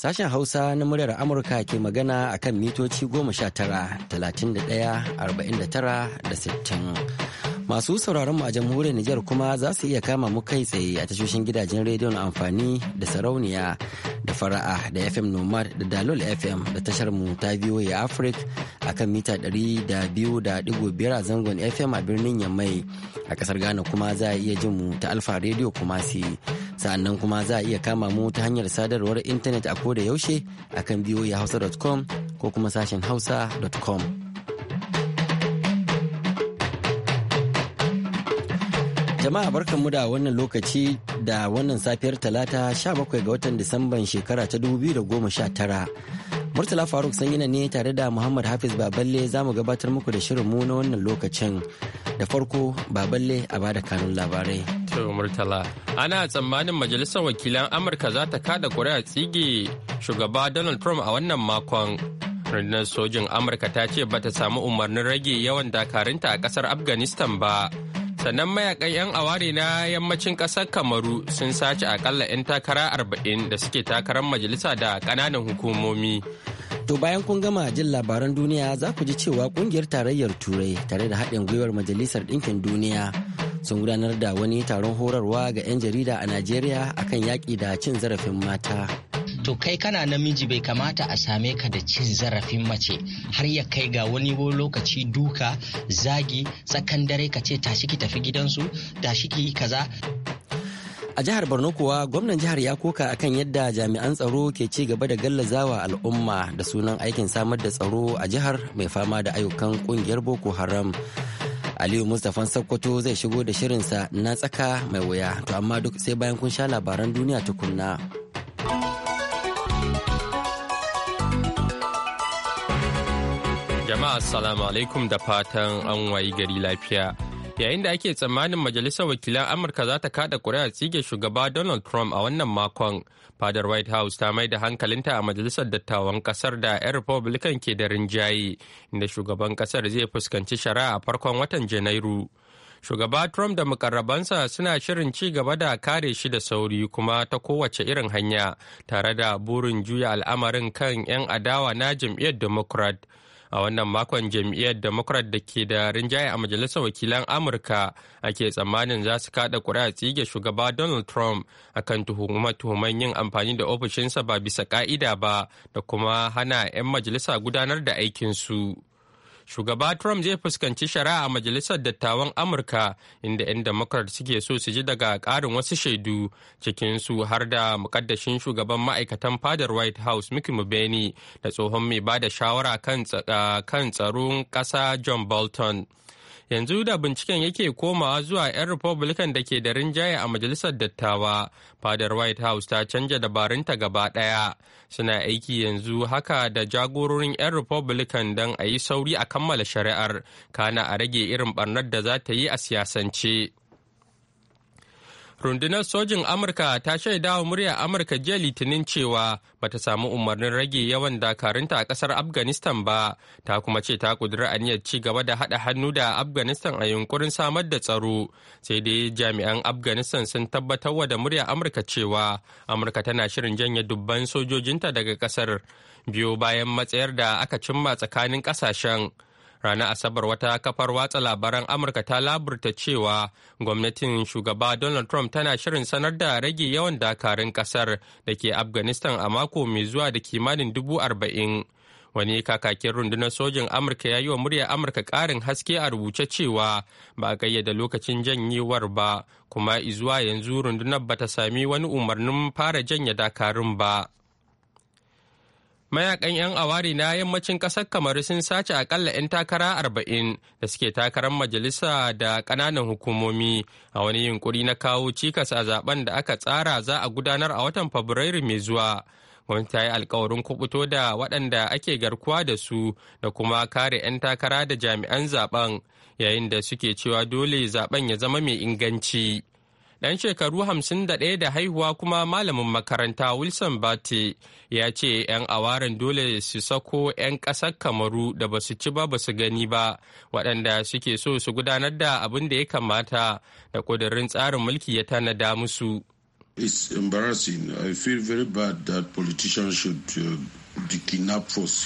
Sashen Hausa na muryar Amurka ke magana a kan mitoci 19 da sittin Masu sauraron mu a jamhuriyar Nijar kuma za su iya kama mu kai tsaye a tashoshin gidajen rediyon amfani da sarauniya da fara'a da FM Nomad da Dalol FM da tashar mu ta ya Africa a kan mita 200.5 a zangon FM a birnin Yammai a kasar Ghana kuma za a iya jin mu ta Alfa Radio Kumasi. sa'annan kuma za a iya kama mu ta hanyar sadarwar intanet a koda yaushe a akan hausa.com ko kuma sashen hausa.com jama'a barkanmu da wannan lokaci da wannan safiyar talata 17 ga watan disamban shekara ta 2019 murtala faruk sanyina ne tare da muhammad hafiz baballe za mu gabatar muku da shirinmu na wannan lokacin da farko baballe a bada kanun labarai to Murtala. Ana tsammanin Majalisar Wakilan Amurka za ta kada kuri'a tsige shugaba Donald Trump a wannan makon. Rundunar sojin Amurka ta ce ba ta samu umarnin rage yawan dakarunta a kasar Afghanistan ba. Sannan mayakan 'yan aware na yammacin kasar Kamaru sun sace akalla 'yan takara arba'in da suke takarar majalisa da ƙananan hukumomi. To bayan kun gama jin labaran duniya za ku ji cewa kungiyar tarayyar Turai tare da haɗin gwiwar Majalisar Ɗinkin Duniya sun gudanar da wani taron horarwa ga 'yan jarida a najeriya akan yaƙi da cin zarafin mata to kai kana namiji bai kamata a same ka da cin zarafin mace har ya kai ga wani lokaci duka zagi tsakan dare ka ce tashi ki tafi gidansu tashi ki kaza a jihar borno kuwa gwamnan jihar ya koka akan yadda jami'an tsaro ke ci gaba da gallazawa al'umma da sunan aikin samar da tsaro a jihar mai fama da ayyukan kungiyar boko haram Aliyu Mustapha Sokoto zai shigo da shirinsa na tsaka mai wuya to amma duk sai bayan kun sha labaran duniya tukunna. Jama'a assalamu alaikum da fatan an wayi gari lafiya. yayin da ake tsammanin majalisar wakilan amurka za ta kada kuri'a tsige shugaba donald trump a wannan makon fadar white house ta mai da hankalinta a majalisar dattawan kasar da 'yan republican ke da rinjaye inda shugaban kasar zai fuskanci shari'a a farkon watan janairu shugaba trump da mukarrabansa suna shirin ci gaba da kare shi da sauri kuma ta kowace irin hanya tare da burin juya al'amarin kan 'yan adawa na jam'iyyar democrat a wannan makon jam'iyyar democrat da ke da rinjaye a majalisar wakilan amurka ake tsammanin za su kada kuri'a tsige shugaba donald trump akan tuhumar tuhuman yin amfani da ofishinsa ba bisa ka'ida ba da kuma hana 'yan majalisa gudanar da aikinsu. shugaba trump zai fuskanci shari'a a majalisar dattawan amurka inda 'yan democrat suke so su ji daga ƙarin wasu shaidu su har da mukaddashin shugaban ma'aikatan fadar white house mickey mubeni da tsohon mai bada shawara kan tsaron ƙasa john bolton yanzu da binciken yake komawa zuwa 'yan republican da ke da rinjaye a majalisar dattawa fadar white house ta canja dabarunta gaba ɗaya suna aiki yanzu haka da jagororin 'yan republican don a yi sauri a kammala shari'ar kana a rage irin barnar da za ta yi a siyasance rundunar sojin amurka ta shaida wa muryar amurka jiya litinin cewa bata samu umarnin rage yawan dakarunta a kasar afghanistan ba ta kuma ce ta kudura aniyar ci gaba da hada hannu da afghanistan a yunkurin samar da tsaro sai dai jami'an afghanistan sun tabbatar wa da muryar amurka cewa amurka tana shirin janye dubban sojojinta daga kasar biyo bayan matsayar da aka cimma tsakanin kasashen. ranar asabar wata kafar watsa labaran amurka ta laburta cewa gwamnatin shugaba donald trump tana shirin sanar da rage yawan dakarun kasar da ke afghanistan a mako mai zuwa da kimanin dubu arba'in wani kakakin rundunar sojin amurka ya yi wa muryar amurka ƙarin haske a rubuce cewa ba a gayyada lokacin janyewar ba kuma izuwa yanzu rundunar bata sami wani umarnin fara janya dakarun ba. mayakan 'yan awari na yammacin ƙasar kamaru sun sace akalla 'yan takara arba'in da suke takarar majalisa da ƙananan hukumomi a wani yunkuri na kawo cikas a zaben da aka tsara za a gudanar a watan fabrairu mai zuwa gwamnati ta yi alkawarin kubuto da waɗanda ake garkuwa da su da kuma kare 'yan takara da jami'an zaben yayin da suke cewa dole zaben ya zama mai inganci. ɗan shekaru hamsin da ɗaya da haihuwa kuma malamin makaranta wilson bate ya ce 'yan awaren dole su sako 'yan ƙasar kamaru da ba su ci ba ba su gani ba waɗanda suke so su gudanar da abin da ya kamata da ƙudurin tsarin mulki ya tanada musu It's embarrassing. I feel very bad that politicians should uh,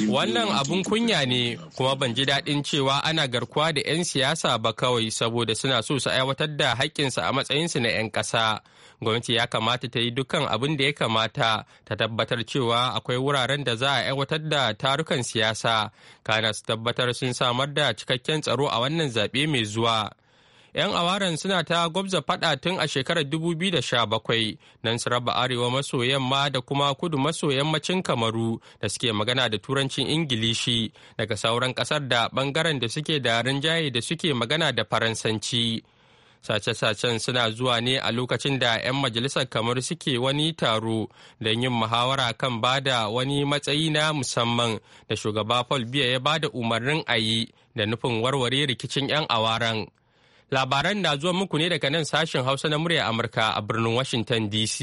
Wannan abun kunya ne kuma ban ji daɗin cewa ana garkuwa da 'yan siyasa ba kawai saboda suna so su aiwatar da haƙƙinsu a matsayinsu na 'yan ƙasa. Gwamnati ya kamata ta yi dukkan abin da ya kamata ta tabbatar cewa akwai wuraren da za a aiwatar da tarukan siyasa, kana su tabbatar sun samar da cikakken tsaro a wannan zaɓe mai zuwa. 'yan awaren suna ta gwabza fada tun a shekarar 2017 nan su raba arewa maso yamma da kuma kudu maso yammacin kamaru da suke magana da turancin ingilishi daga sauran kasar da bangaren da suke da rinjaye da suke magana da faransanci sace-sacen suna zuwa ne a lokacin da 'yan majalisar kamar suke wani taro don yin muhawara kan ba da wani matsayi na musamman da shugaba paul biya ya ba da umarnin a yi da nufin warware rikicin 'yan awaran. Labaran na zuwa muku ne daga nan sashen Hausa na murya Amurka a birnin Washington DC.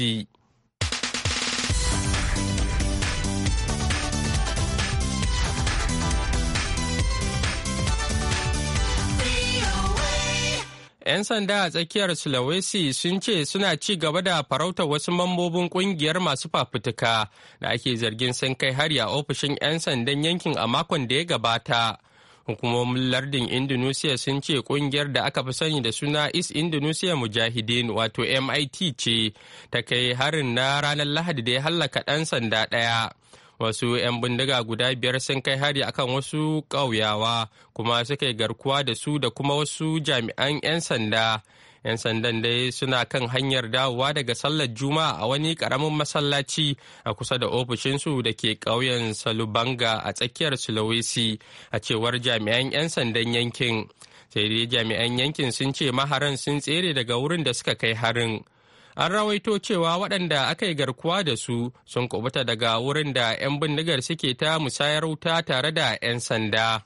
‘Yan sanda a tsakiyar Sulawesi sun ce suna ci gaba da farautar wasu mambobin kungiyar masu fafutuka da ake zargin sun kai hari a ofishin ‘yan sandan yankin a makon da ya gabata. hukumomin lardin indonesia sun ce kungiyar da aka fi sani da suna east indonesia mujahideen wato mit ce ta kai harin na ranar lahadi da ya hallaka ɗan sanda ɗaya wasu 'yan bindiga guda biyar sun kai hari akan wasu ƙauyawa kuma suka yi garkuwa da su da kuma wasu jami'an 'yan sanda 'yan sandan dai suna kan hanyar dawowa daga sallar juma'a a wani karamin masallaci a kusa da ofishinsu da ke ƙauyen salubanga a tsakiyar sulawesi a cewar jami'an 'yan sandan yankin sai dai jami'an yankin sun ce maharan sun tsere daga wurin da suka kai harin an rawaito cewa waɗanda aka yi garkuwa da su sun kubuta daga wurin da 'yan bindigar suke ta musayar wuta tare da 'yan sanda.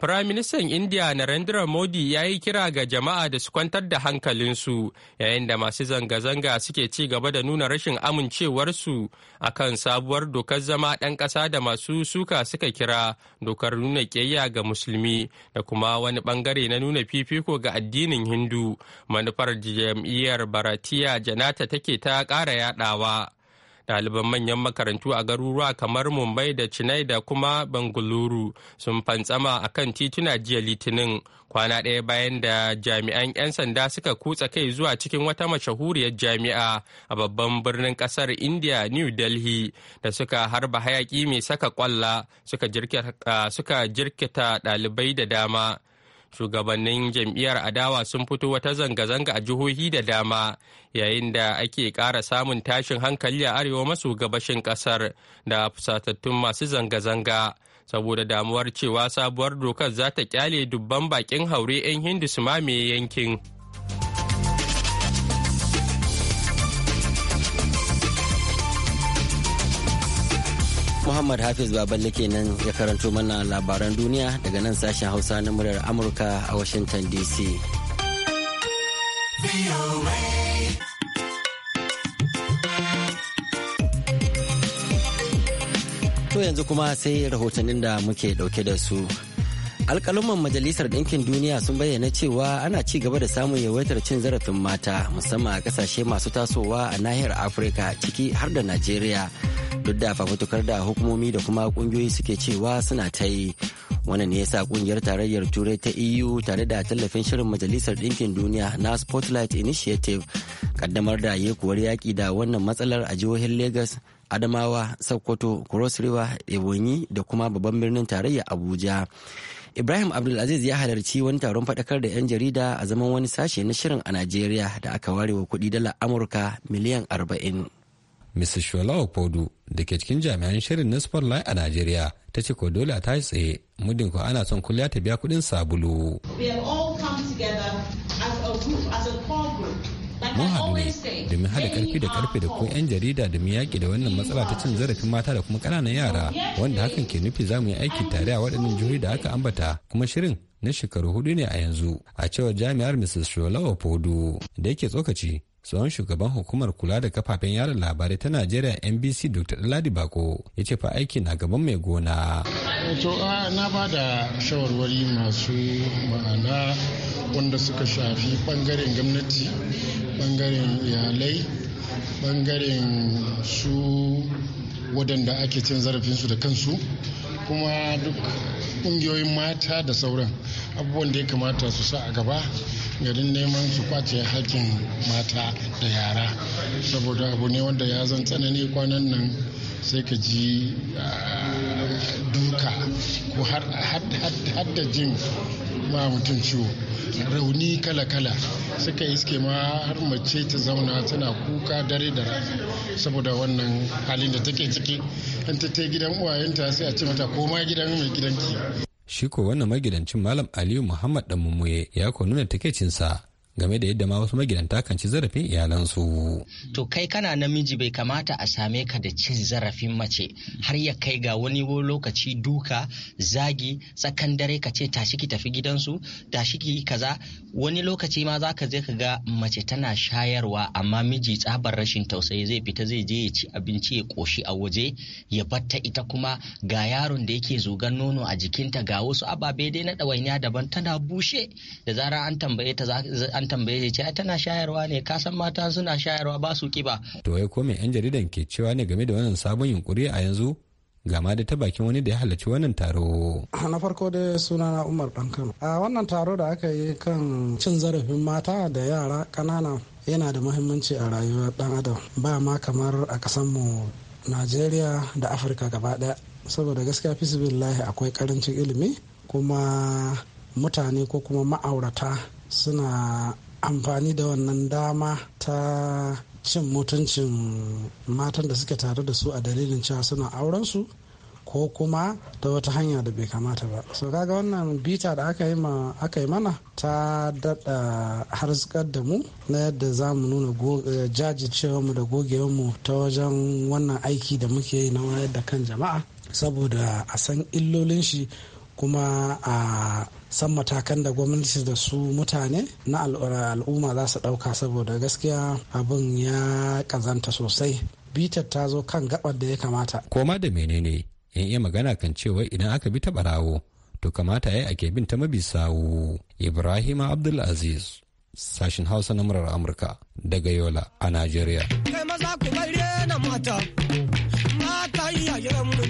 Firaministan India Narendra Modi ya yi kira ga jama'a da su kwantar da hankalinsu yayin da masu zanga-zanga suke ci gaba da nuna rashin amincewarsu a kan sabuwar dokar zama ɗan ƙasa da masu suka suka kira dokar nuna ƙiyayya ga musulmi da kuma wani bangare na nuna fifiko ga addinin Hindu manufar jam'iyyar Baratiya Janata take ta ƙara yaɗawa. ɗaliban manyan makarantu a garuruwa kamar mumbai da chennai da kuma bangaluru sun fantsama a kan tituna jiya litinin kwana ɗaya bayan da jami'an 'yan sanda suka kutsa kai zuwa cikin wata mashahuriyar jami'a a babban birnin ƙasar india new delhi da suka harba hayaƙi mai saka kwalla suka jirkita ɗalibai da dama shugabannin jam'iyyar adawa sun fito wata zanga-zanga a jihohi da dama yayin da ake ƙara samun tashin hankali a arewa maso gabashin ƙasar da fusatattun masu zanga-zanga saboda damuwar cewa sabuwar dokar za ta kyale dubban bakin haure 'yan hindu su mamaye yankin. Muhammad Hafiz Baballe kenan ya karanto mana labaran duniya daga nan sashen Hausa na muryar Amurka a Washington DC. To yanzu kuma sai rahotannin da muke dauke da su. alkaluman majalisar ɗinkin duniya sun bayyana cewa ana ci gaba da samun yawaitar cin zarafin mata musamman a kasashe masu tasowa a nahiyar afirka ciki har da najeriya duk da fafutukar da hukumomi da kuma kungiyoyi suke cewa suna ta yi wannan ne yasa kungiyar tarayyar turai ta eu tare da tallafin shirin majalisar ɗinkin duniya na spotlight initiative kaddamar da yekuwar yaƙi da wannan matsalar a jihohin lagos adamawa sokoto cross river ebonyi da kuma babban birnin tarayya abuja ibrahim abdulaziz ya halarci wani taron faɗakar da 'yan jarida a zaman wani sashe na shirin a najeriya da aka warewa wa kuɗi dala amurka miliyan arba'in. Mrs. Shola Opodu da ke cikin jami'an shirin na Spotlight a Najeriya ta ce ko dole ta yi tsaye muddin ko ana son kulliya ta biya kudin sabulu. Mun haɗu ne domin haɗa karfi da karfe da ko 'yan um, jarida da mun yaƙi da wannan matsala ta cin zarafin mata da kuma ƙananan yara wanda hakan ke nufi za mu yi aiki tare a waɗannan jihohi da aka ambata kuma shirin na shekaru hudu ne a yanzu a cewar jami'ar Mrs. Shola Opodu da yake tsokaci tsohon shugaban hukumar kula da kafafen yaran labarai ta najeriya nbc dr ladi bako ya ce fa aiki na gaban mai gona to na ba da shawarwari masu ma'ana wanda suka shafi bangaren gwamnati bangaren iyalai bangaren su wadanda ake cin zarafinsu da kansu kuma duk ƙungiyoyin mata da sauran abubuwan da ya kamata su sa a gaba garin neman su kwace hakkin mata da yara saboda abu ne wanda ya zan tsanani kwanan nan sai ka ji ah, duka ko har jin ma mutum ciwo rauni kala-kala suka iske ma har mace ta zauna tana kuka dare da rana saboda wannan halin da take ciki an ta gidan uwayenta sai a ce mata ko ma gidan mai gidanki shi ko wannan magidancin malam aliyu muhammad dan ya ko nuna takeicinsa game da yadda ma wasu magidanta kan ci zarafin iyalansu. To kai kana namiji bai kamata a same ka da cin zarafin mace har ya kai ga wani lokaci duka zagi tsakan dare ka ce tashi ki tafi gidansu tashi ki kaza wani lokaci ma zaka je ka ga mace tana shayarwa amma miji tsabar rashin tausayi zai fita zai je ya ci abinci ya koshi a waje ya batta ita kuma ga yaron da yake zugan nono a jikinta ga wasu ababe dai na ɗawainiya daban tana bushe da zarar an tambaye ta an tambaye shi ce tana shayarwa ne ka san mata suna shayarwa ba su kiba to wai ko me yan jaridan ke cewa ne game da wannan sabon yunkuri a yanzu gama da ta bakin wani da ya halarci wannan taro. Ah, na farko dai na umar Kano. a ah, wannan taro da aka yi kan cin zarafin mata da yara ƙanana yana da muhimmanci a rayuwar ɗan adam ba ma kamar a kasanmu najeriya da afirka gaba ɗaya saboda gaskiya fisibillahi akwai karancin ilimi kuma mutane ko kuma ma'aurata suna amfani da wannan dama ta cin mutuncin matan da suke tare da su a dalilin cewa suna aurensu ko kuma ta wata hanya da bai kamata ba so kaga wannan bita da aka yi mana ta daɗa harzikar da mu na yadda za mu nuna eh, jajircewarmu da gogewarmu ta wajen wannan aiki da muke yi na wayar da kan jama'a saboda a san illolin shi kuma a san matakan da gwamnati da su mutane na al'umma za su ɗauka saboda gaskiya abin ya ƙazanta sosai bitar ta zo kan gabar da ya kamata koma da menene in iya magana kan cewa idan aka bi ta barawo to kamata ya ake bin ta mabi sawu. ibrahima abdulaziz sashin hausa na murar amurka daga yola a najeriya kai maza ku mata mata iyayen mun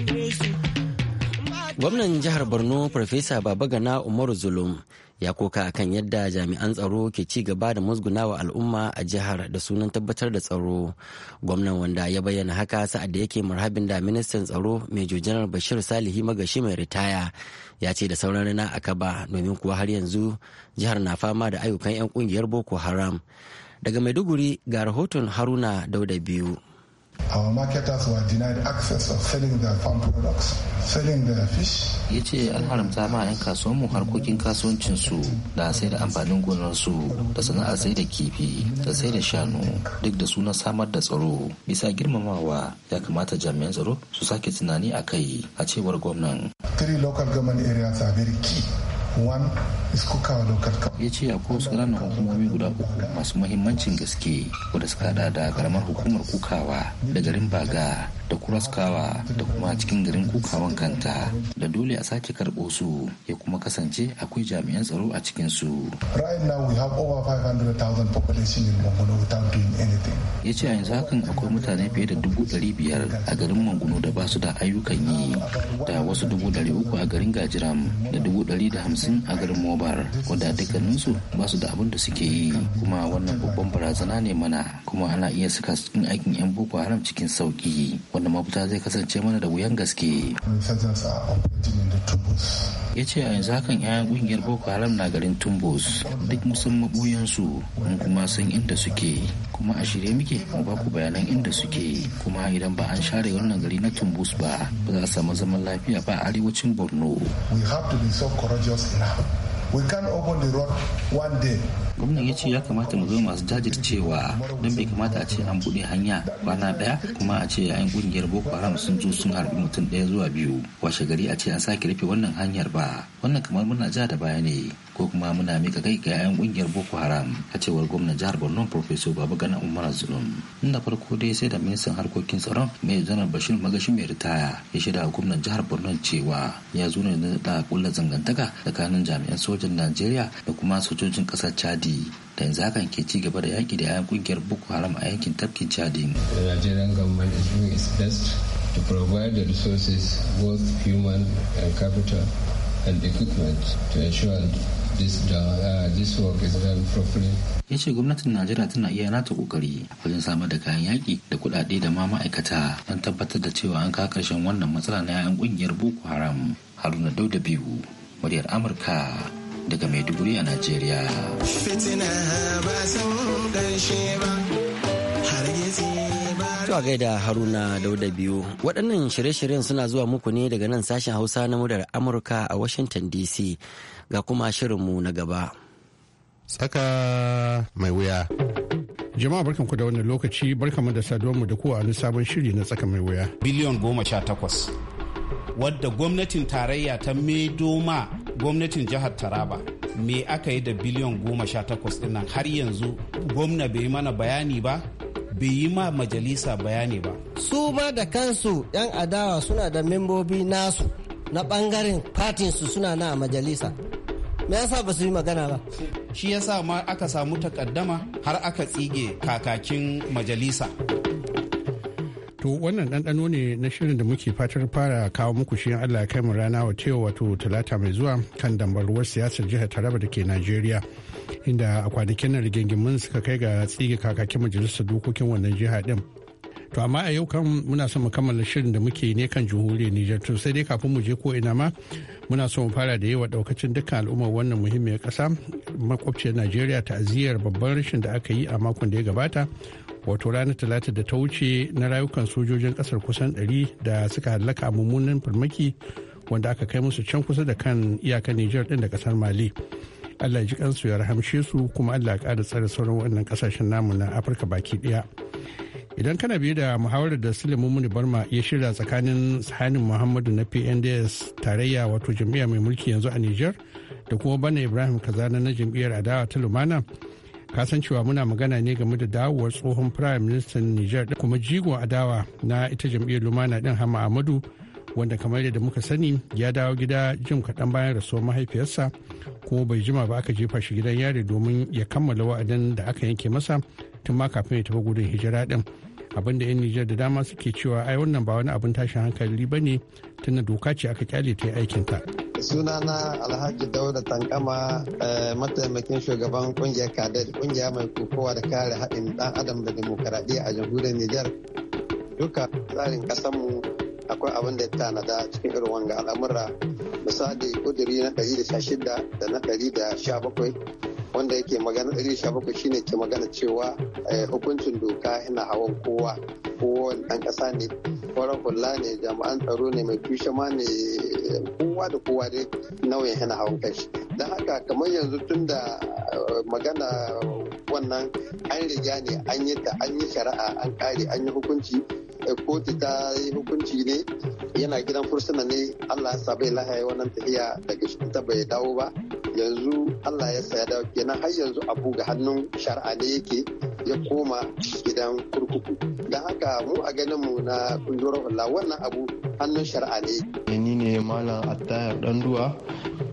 Gwamnan jihar Borno Farfesa Gana Umaru Zulum ya koka kan yadda jami'an tsaro ke ci gaba da musgunawa al'umma a jihar da sunan tabbatar da tsaro. Gwamnan wanda ya bayyana haka sa'ad da yake marhabin da ministan tsaro mai jojanar Bashir Salihi Magashi mai ritaya ya ce da sauran rana a kaba domin kuwa har yanzu jihar na fama da ayyukan 'yan kungiyar Boko Haram. Daga Maiduguri ga rahoton Haruna Dauda biyu. Our marketers were denied access of selling their farm products. selling da fish. Ya ce an haramta ma 'yan mu harkokin kasuwancinsu da sai da amfanin gonarsu da sana'ar sai da kifi da sai da shanu duk da suna samar da tsaro. Bisa girmamawa ya kamata jami'an tsaro su sake tunani a kai a cewar gwamnan. Three local government areas are very key. ya ce akwai wasu ranar hukumomi guda uku masu mahimmancin gaske wadda suka da karamar hukumar kukawa da garin baga da kuraskawa da kuma cikin garin kukawan kanta da dole a sake karɓo su ya kuma kasance akwai jami'an tsaro a cikin su. Ya ce a yanzu hakan akwai mutane fiye da dubu ɗari biyar a garin Manguno da ba su da ayyukan yi da wasu dubu ɗari uku a garin Gajiram da dubu ɗari da hamsin a garin Mobar wadda dukkaninsu ba su da abin da suke yi kuma wannan babban barazana ne mana kuma ana iya saka cikin aikin 'yan Boko Haram cikin sauki wanda mafita zai kasance mana da wuyan gaske ya ce a yanzu hakan 'ya'yan ƙungiyar boko haram na garin tumbos duk musan mabuyansu mun kuma san inda suke kuma a shirye muke mu ba ku bayanan inda suke kuma idan ba an share wannan gari na tumbus ba ba za a samu zaman lafiya ba a arewacin borno we we can open the road one day gwamnan ya ce ya kamata mu zama masu jajircewa don bai kamata a ce an buɗe hanya kwana ɗaya kuma a ce yayin ƙungiyar boko haram sun zo sun harbi mutum ɗaya zuwa biyu washe gari a ce an sake rufe wannan hanyar ba wannan kamar muna ja da baya ne ko kuma muna mika kai ga 'ya'yan kungiyar boko haram a cewar gwamnan jihar borno professor babagana umar zulum inda farko dai sai da ministan harkokin tsaron mai zanar bashir magashi mai ritaya ya shirya gwamnan jihar borno cewa ya zo ne da kulla zangantaka tsakanin jami'an sojan najeriya da kuma sojojin kasar chadi da yanzu hakan ke ci gaba da yaki da 'ya'yan kungiyar boko haram a yankin tafkin chadi to provide the resources both human and capital and equipment to ensure Uh, uh, ya ce gwamnatin najeriya tana iya nata kokari wajen samar da kayan yaƙi da kuɗaɗe da ma ma'aikata don tabbatar da cewa an kawo ƙarshen wannan matsala na 'ya'yan ƙungiyar boko haram haruna dauda biyu muryar amurka daga maiduguri a najeriya fitina ba san ba To a gaida Haruna Dauda biyu. Waɗannan shirye-shiryen suna zuwa muku ne daga nan sashen Hausa na murar Amurka a Washington DC ga kuma shirinmu na gaba. Tsaka mai wuya. Jama'a barkanku da wannan lokaci mu da mu da kowa wani sabon shiri na tsaka mai wuya. Biliyon goma sha takwas. Wadda gwamnatin tarayya ta ma gwamnatin jihar Taraba. Me aka yi da biliyon goma sha takwas ɗin har yanzu gwamna bai mana bayani ba bai yi ma majalisa bayani ba su ma da kansu yan adawa suna da membobi nasu na bangaren fatin su suna na a majalisa me yasa ba su yi magana ba shi yasa ma aka samu takaddama har aka tsige kakakin majalisa to wannan ɗanɗano ne na shirin da muke fatar fara kawo muku shi allah kai mu rana wa wato talata mai zuwa kan dambarwar siyasar jihar taraba da ke najeriya inda a kwanakin nan rigingimin suka kai ga tsige kakakin majalisar dokokin wannan jiha din to amma a yau kan muna son mu kammala shirin da muke ne kan jihuriyar Nijar to sai dai kafin mu je ko ina ma muna son mu fara da yawa daukacin dukkan al'ummar wannan muhimmiyar kasa makwabciyar Najeriya ta babban rashin da aka yi a makon da ya gabata wato ranar talata da ta wuce na rayukan sojojin kasar kusan 100 da suka hallaka a mummunan farmaki wanda aka kai musu can kusa da kan iyakar Nijar din da kasar Mali. allah ji kansu ya rahamshe su kuma allah ƙara tsare sauran waɗannan ƙasashen namu na afirka baki ɗaya idan kana biye da muhawarar da Sulemu muni barma ya shirya tsakanin sahanin muhammadu na pnds tarayya wato jam'iyya mai mulki yanzu a nijar da kuma bana ibrahim kazana na jam'iyyar adawa ta lumana kasancewa muna magana ne game da dawowar tsohon prime minister niger kuma jigon adawa na ita jam'iyyar lumana din hama amadu wanda kamar yadda muka sani ya dawo gida jim kaɗan bayan rasuwar mahaifiyarsa kuma bai jima ba aka jefa shi gidan yari domin ya kammala wa'adin da aka yanke masa tun ma kafin ya tafi gudun hijira din abin da 'yan nijar da dama suke cewa ai wannan ba wani abin tashin hankali ba ne tun da doka ce aka kyale ta yi aikin aikinta. sunana alhaji dauda tankama eh, mataimakin shugaban kungiyar kadar kungiya mai kokowa da kare haɗin dan adam da demokaradiyya a jamhuriyar nijar duka tsarin kasanmu akwai abin da ya tanada cikin irin wanga al'amura misali kudiri na 116 da na 117 wanda yake magana ɗari sha bakwai shine ke magana cewa eh, hukuncin doka yana hawan kowa Kowa ɗan ƙasa ne kwarar kula ne jami'an tsaro ne mai tushe ma ne kowa da kowa dai nauyin yana hawan kanshi don haka kamar yanzu tun da eh, magana wannan an riga ne an yi ta an yi shari'a an kare an yi hukunci Eh, kotu ta yi hukunci ne yana gidan fursuna ne allah ya bai lahaye wannan tafiya daga shi bai dawo ba yanzu allah ya sa ya dawo kenan har yanzu abu ga hannun shari'a ne yake ya koma gidan kurkuku don haka mu a ganin mu na kundin wannan abu hannun shari'a ne. Eh, ni ne Malam Attayar Danduwa,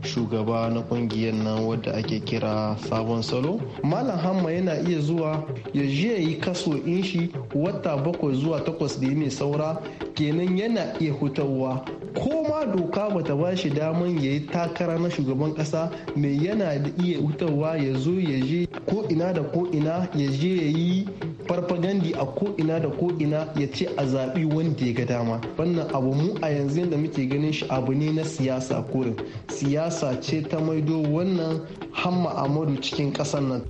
shugaba na kungiyar nan wadda ake kira Sabon Salo. Malam Hamma yana iya zuwa ya je yi kaso in shi wata bakwai zuwa takwas da ya mai saura kenan yana iya hutawa ko ma doka bata ba shi daman ya yi takara na shugaban kasa mai yana da iya hutawa ya zo ya je ko ina da ko ina ya je ya yi farfagandi a ko'ina da ko'ina ya ce a zaɓi wanda ya ga dama wannan abu mu a yanzu da muke ganin shi abu ne na siyasa kurin siyasa ce ta maido wannan hamma amadu cikin ƙasar nan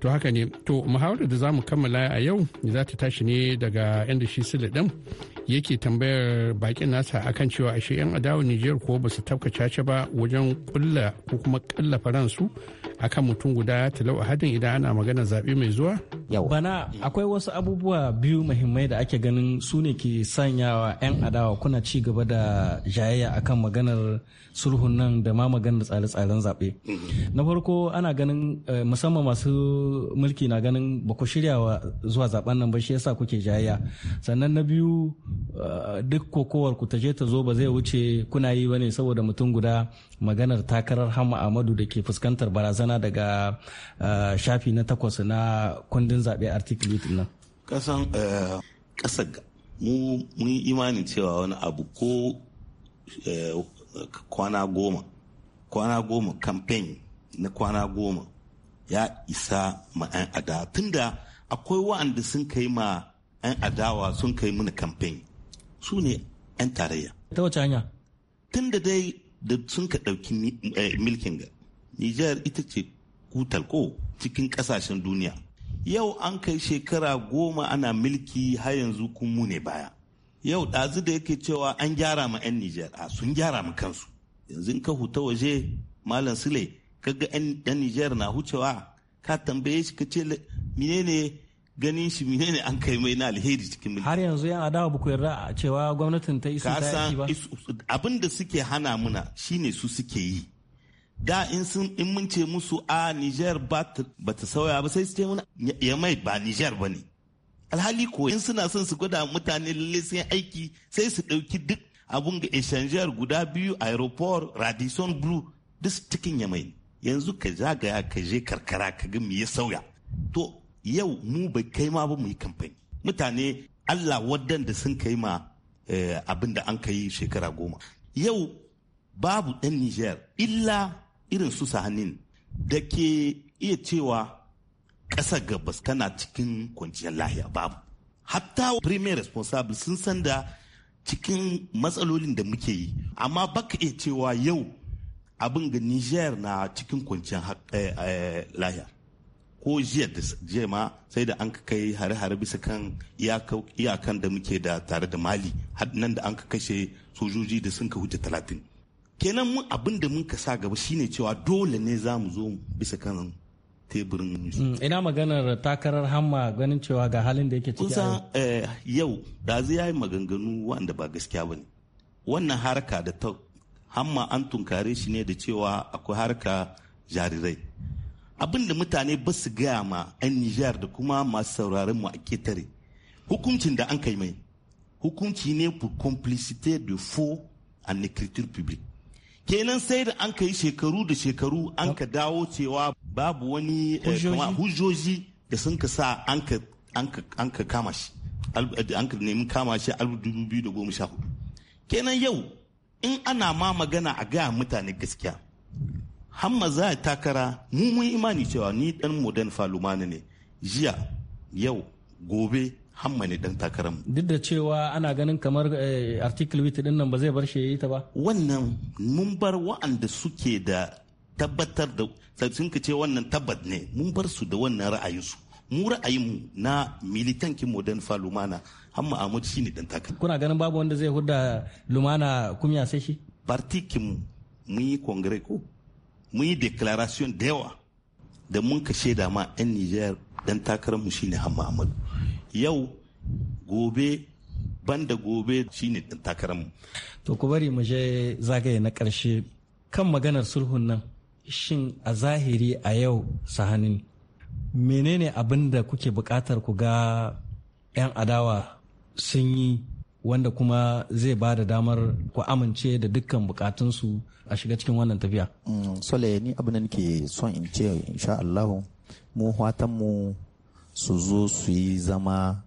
to haka ne to muhawar da za mu kammala a yau za ta tashi ne daga yan shi sila ɗin yake tambayar bakin nasa akan cewa ashe yan adawa nijar ko ba su tafka cace ba wajen kulla ko kuma kalla faransu akan mutum guda talau hadin idan ana magana zaɓe mai zuwa? Bana akwai wasu abubuwa biyu muhimmai da ake ganin su ne ke sanyawa 'yan adawa kuna ci gaba da jayayya akan maganar sulhun nan da ma maganar tsare-tsaren zaɓe. Mhm. Na farko ana ganin eh, musamman masu mulki na ganin ba ku shirya zuwa zaɓen nan ba shi yasa kuke jayayya. Sannan na biyu eh, duk kokowar ku ta je ta zo ba zai wuce kuna yi ne saboda mutum guda maganar takarar Hama Amadu da ke fuskantar barazana magana daga eh, shafi na takwas na kundin zaɓe article nan. Kasan eh, ƙasa mu mun imanin cewa wani abu ko eh, kwana goma kwana goma campaign na kwana goma ya isa ma 'yan adawa tunda akwai wa'anda sun kai ma 'yan adawa sun kai mana campaign su ne 'yan tarayya ta wace hanya tunda dai da sun ka ɗauki milkin ga Nijar ita ce kutalko cikin kasashen duniya. Yau an kai shekara goma ana milki har yanzu kun mu ne baya. Yau ɗazu da yake cewa an gyara ma 'yan Nijar a sun gyara ma kansu. Yanzu ka huta waje Malam Sule kaga 'yan Nijar na hucewa ka tambaye shi ka ce menene ganin shi menene an kai mai na alheri cikin mulki har yanzu yan adawa ku yarda cewa gwamnatin ta isu ta yi ba abin da suke hana muna shine su suke yi da in sun in mun ce musu a Niger ba ta sauya ba sai su ce mana ya mai ba Niger ba ne alhali ko in suna son su gwada mutane lalle sai aiki sai su ɗauki duk abun ga exchanger guda biyu aeroport radisson blue duk cikin ya mai yanzu ka zagaya ka je karkara ka ga me ya sauya to yau mu bai kai ma ba mu yi kamfani mutane allah waɗanda sun kai ma eh, abin da an ka shekara goma yau babu ɗan niger illa irin su sahanin da ke iya cewa ƙasar gabas tana cikin kwanciyar lahiya babu hatta premier responsible sun san da cikin matsalolin da muke yi amma baka iya cewa yau abin ga niger na cikin kwanciyar eh, eh, lahiya ko jiya da ma sai da an ka kai hare-hare bisa kan iyakan da muke da tare da mali nan da an ka kashe sojoji da sun ka wuce talatin kenan mun abin da mun kasa sa gaba shine cewa dole ne za mu zo bisa kan teburin mm, ina maganar takarar hamma ganin cewa ga halin da yake ciki yau da zai yayi maganganu wanda ba gaskiya bane wannan harka da ta hamma an tunkare shi ne da cewa akwai harka jarirai abin da mutane ba su gaya ma 'yan nijar da kuma masu sauraron mu a ketare hukuncin da an kai mai hukunci ne pour complicité de faux en écriture publique kenan sai da an ka yi shekaru da shekaru an ka dawo cewa babu wani eh, hujjoji da sun ka sa an ka kama shi eh, an ka nemi kama shi hudu. kenan yau in ana ma magana a gaya mutane gaskiya hamma za a takara mu mun imani cewa ni dan modern faluma ne jiya yau gobe hamma ne dan takarar mu duk da cewa ana ganin kamar eh, article wit din nan ba zai bar shi yayi ta ba wannan mun bar wa'anda suke da tabbatar da sun ce wannan tabbat ne mun bar su da wannan ra'ayin su mu mu na militankin modern fa lumana hamma ahmad shine dan takara kuna ganin babu wanda zai hudda lumana kumya sai shi partikin mun yi kongre ko mun yi declaration da yawa da mun ka shaida ma yan nijar dan takarar mu shine hamma amadu yau gobe banda gobe shine takarar takararmu. To ku bari mu je zagaye na ƙarshe kan maganar sulhun nan shin a zahiri a yau sahanin menene abin da kuke buƙatar ku ga 'yan adawa sun yi wanda kuma zai ba da damar ku amince da dukkan bukatunsu a shiga cikin wannan tafiya. Mm, Sole ni abin da nake son in ce insha ALLAH mu mu su zo su yi zama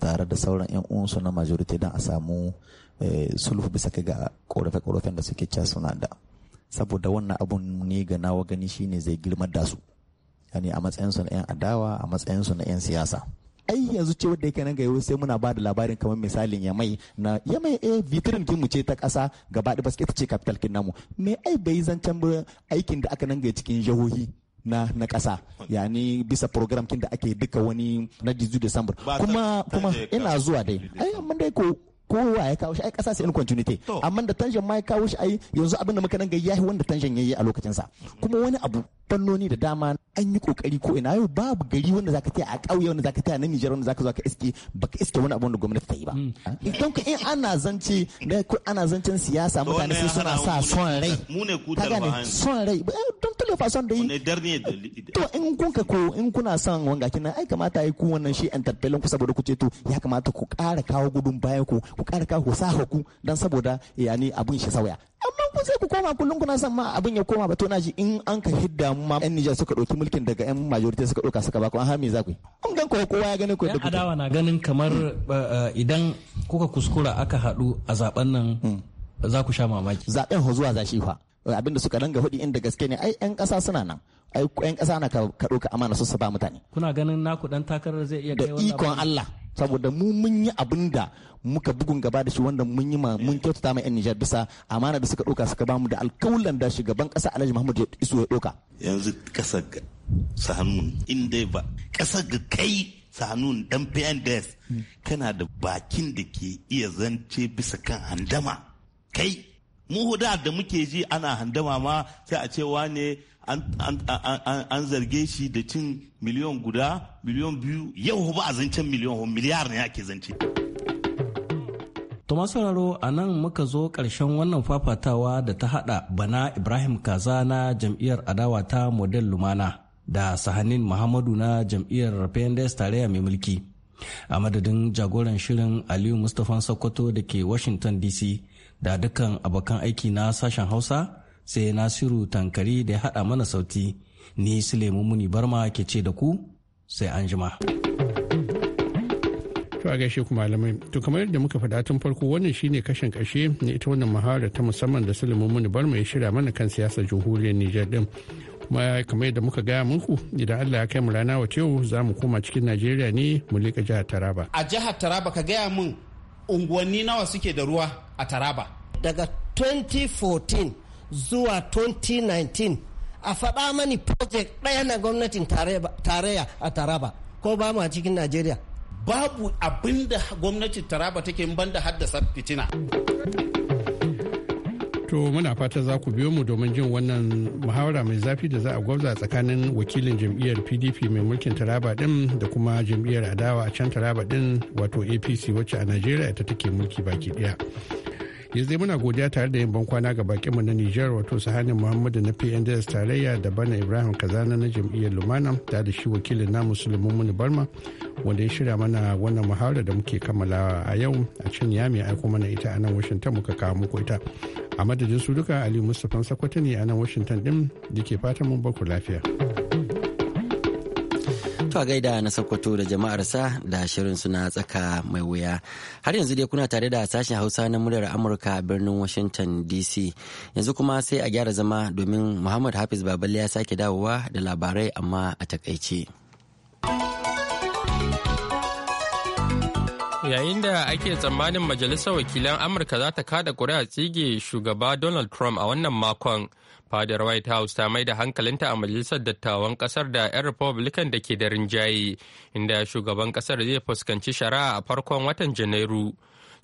tare da sauran 'yan uwansu na majority don a samu eh, sulhu bisa ga korafe-korafen da suke ca suna da saboda wannan abun ne ga nawa gani shine zai girma da su yani a matsayinsu na 'yan adawa a matsayinsu na 'yan siyasa ai yanzu ce wadda yake nan ga yau sai muna ba da labarin kamar misalin yamai na yamai eh vitrin kinmu ce ta kasa gaba da ba ce capital kin namu me ai bai zancen aikin da aka nan ga cikin jihohi na na ƙasa yani bisa program kin da ake duka wani na 18 December kuma kuma ina zuwa dai ai amma dai ko kowa ya kawo shi ai kasa sai in continuity amma da tanjan ma ya kawo shi ai yanzu abin da muka nan ga yahi wanda tanjan yayi a lokacin sa mm. kuma wani abu fannoni da dama an yi kokari ko ina yau babu gari wanda zaka taya a ƙauye wanda zaka taya na Nijar wanda zaka zo ka iske baka iske wani abu da gwamnati ta yi ba hmm. don ka in ana zance da ku ana zancen siyasa mutane sai suna sa son rai ka gane son rai eh, don fa son dai to in kun ka ko in kuna son wanga kina ai kamata ai ku wannan shi entertainment ku saboda ku ce to ya kamata ku ƙara kawo gudun baya ku ku ƙara kawo ku sa ku dan saboda eh, yani abun shi sauya amma kun sai ku koma kullum kuna san ma abin ya koma ba to in an ka hidda mu ma yan Nijar suka dauki mulkin daga yan majority suka dauka suka ba ku an ha me za ku an gan ko kowa ya gane ku da adawa na ganin kamar idan kuka kuskura aka hadu a zaben nan hmm. za ku sha mamaki zaben ho zuwa zashi fa abin da suka danga hudi inda gaske ne ai yan kasa suna nan ai yan kasa na ka dauka amana su ba mutane kuna ganin naku dan takarar zai iya kai da ikon Allah saboda mu mun yi abin da muka bugun gaba da shi wanda mun yi ma mun kyautata mai yan Nijar bisa amana da suka ɗauka suka bamu da alƙawulan da shugaban ƙasa Alhaji Muhammadu Isu ya ɗauka. Yanzu ƙasar ga sahanun in dai ba ƙasar ga kai sahanun dan PNDS kana da bakin da ke iya zance bisa kan handama kai mu da da muke ji ana handama ma sai a ce wane an zarge shi da cin miliyon guda miliyon biyu yau ba a zancen miliyon miliyar ne ake zance. To sauraro a nan muka zo ƙarshen wannan fafatawa da ta haɗa bana Ibrahim Kaza na jam'iyyar adawa ta Model Lumana da Sahanin Muhammadu na jam'iyyar PNDS tarayya mai mulki. A madadin jagoran shirin Aliyu Mustapha Sokoto da ke Washington DC da dukkan abokan aiki na sashen Hausa sai Nasiru Tankari da ya haɗa mana sauti. Ni Suleiman Muni Barma ke ce da ku sai an jima. To a gaishe ku malamai. To kamar yadda muka faɗa tun farko wannan shine kashin ƙarshe na ita wannan muhawara ta musamman da Sulaiman Muni Barma ya shirya mana kan siyasar jamhuriyar Nijar din. Kuma kamar yadda muka gaya muku idan Allah ya kai mu rana wace yau za mu koma cikin Najeriya ne mu leƙa jihar Taraba. A jihar Taraba ka gaya min unguwanni nawa suke da ruwa a Taraba. Daga 2014 zuwa 2019 a faɗa mani project ɗaya na gwamnatin tarayya a Taraba ko ba mu a cikin Najeriya. babu abin da gwamnatin taraba take banda haddasa fitina To muna fata za ku biyo mu domin jin wannan muhawara mai zafi da za a gwabza tsakanin wakilin jam'iyyar PDP mai mulkin Taraba din da kuma jam'iyyar adawa a can Taraba din wato APC wacce a Najeriya ita take mulki baki daya. ya zai muna godiya tare da yin bankwana ga bakinmu na nijar wato sahanin muhammadu na pnds tarayya da bana ibrahim kazana na jam'iyyar lumana da da shi wakilin na musulmin muni barma wanda ya shirya mana wannan muhawara da muke kammalawa a yau a cin ya mai aiko mana ita a nan washington muka kawo muku ita a madadin su duka aliyu mustapha sakwata ne a nan washington din da ke fatan mun baku lafiya. To gaida na Sokoto da jama'arsa da shirin suna tsaka mai wuya. Har yanzu dai kuna tare da sashen Hausa na muryar Amurka a birnin Washington DC. Yanzu kuma sai a gyara zama domin Muhammad Hafiz Baballe ya sake dawowa da labarai amma a takaice. Yayin da ake tsammanin Majalisar Wakilan Amurka za ta kada ƙuri'a tsige shugaba Donald Trump a wannan makon. fadar white house ta mai da hankalinta a majalisar dattawan kasar da 'yan republican da ke da rinjaye inda shugaban kasar zai fuskanci shari'a a farkon watan janairu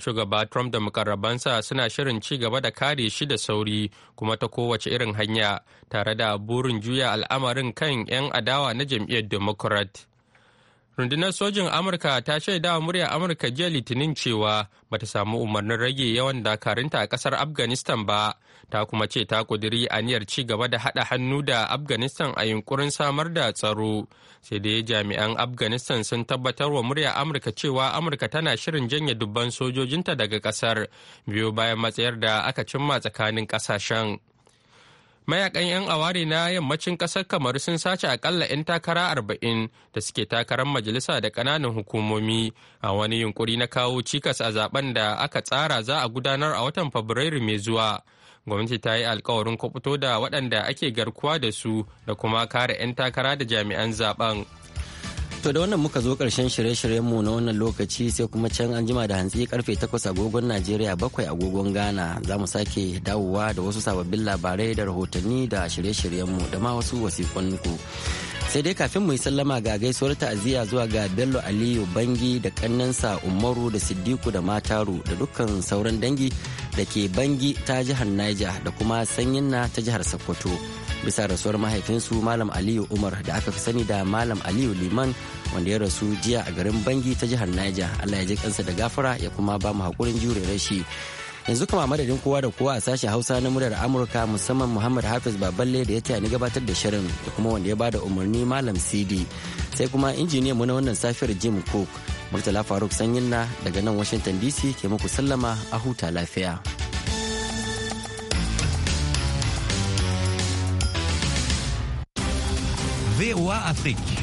shugaba trump da mukarrabansa suna shirin ci gaba da kare shi da sauri kuma ta kowace irin hanya tare da burin juya al'amarin kan 'yan adawa na jam'iyyar democrat rundunar sojin amurka ta shaida wa murya amurka jiya litinin cewa bata samu umarnin rage yawan dakarunta a kasar afghanistan ba ta kuma ce ta kuduri aniyar ci gaba da haɗa hannu da afghanistan a yunkurin samar da tsaro sai dai jami'an afghanistan sun tabbatar wa murya amurka cewa amurka tana shirin janye dubban sojojinta daga kasar biyo bayan matsayar da aka cimma tsakanin ƙasashen. mayakan 'yan aware na yammacin kasar kamaru sun sace akalla 'yan takara arba'in da suke takarar majalisa da ƙananan hukumomi a wani yunkuri na kawo cikas a zaben da aka tsara za a gudanar a watan fabrairu mai zuwa gwamnati ta yi alkawarin kwaputo da waɗanda ake garkuwa da su da kuma kare 'yan takara da jami'an zaben To da wannan muka zo karshen shirye-shiryenmu na wannan lokaci sai kuma can an jima da hantsi karfe 8 agogon Najeriya bakwai agogon Ghana za mu sake dawowa da wasu sababbin labarai da rahotanni da shirye-shiryenmu da ma wasu wasiƙonku. Sai dai kafin mu yi sallama ga gaisuwar ta'aziyya zuwa ga Bello Aliyu Bangi da kannansa Umaru da Siddiku da Mataru da dukkan sauran dangi da ke Bangi ta jihar Niger da kuma Sanyinna ta jihar Sokoto. bisa rasuwar mahaifinsu malam aliyu umar da aka fi sani da malam aliyu liman wanda ya rasu jiya a garin bangi ta jihar niger allah ya ji kansa da gafara ya kuma ba mu hakurin jure rashi yanzu kama madadin kowa da kowa a sashen hausa na muryar amurka musamman muhammad hafiz baballe da ya taya ni gabatar da shirin da kuma wanda ya bada umarni malam cd sai kuma injiniyan mu na wannan safiyar jim cook murtala faruk sanyin na daga nan washington dc ke muku sallama a huta lafiya VOA Afrique.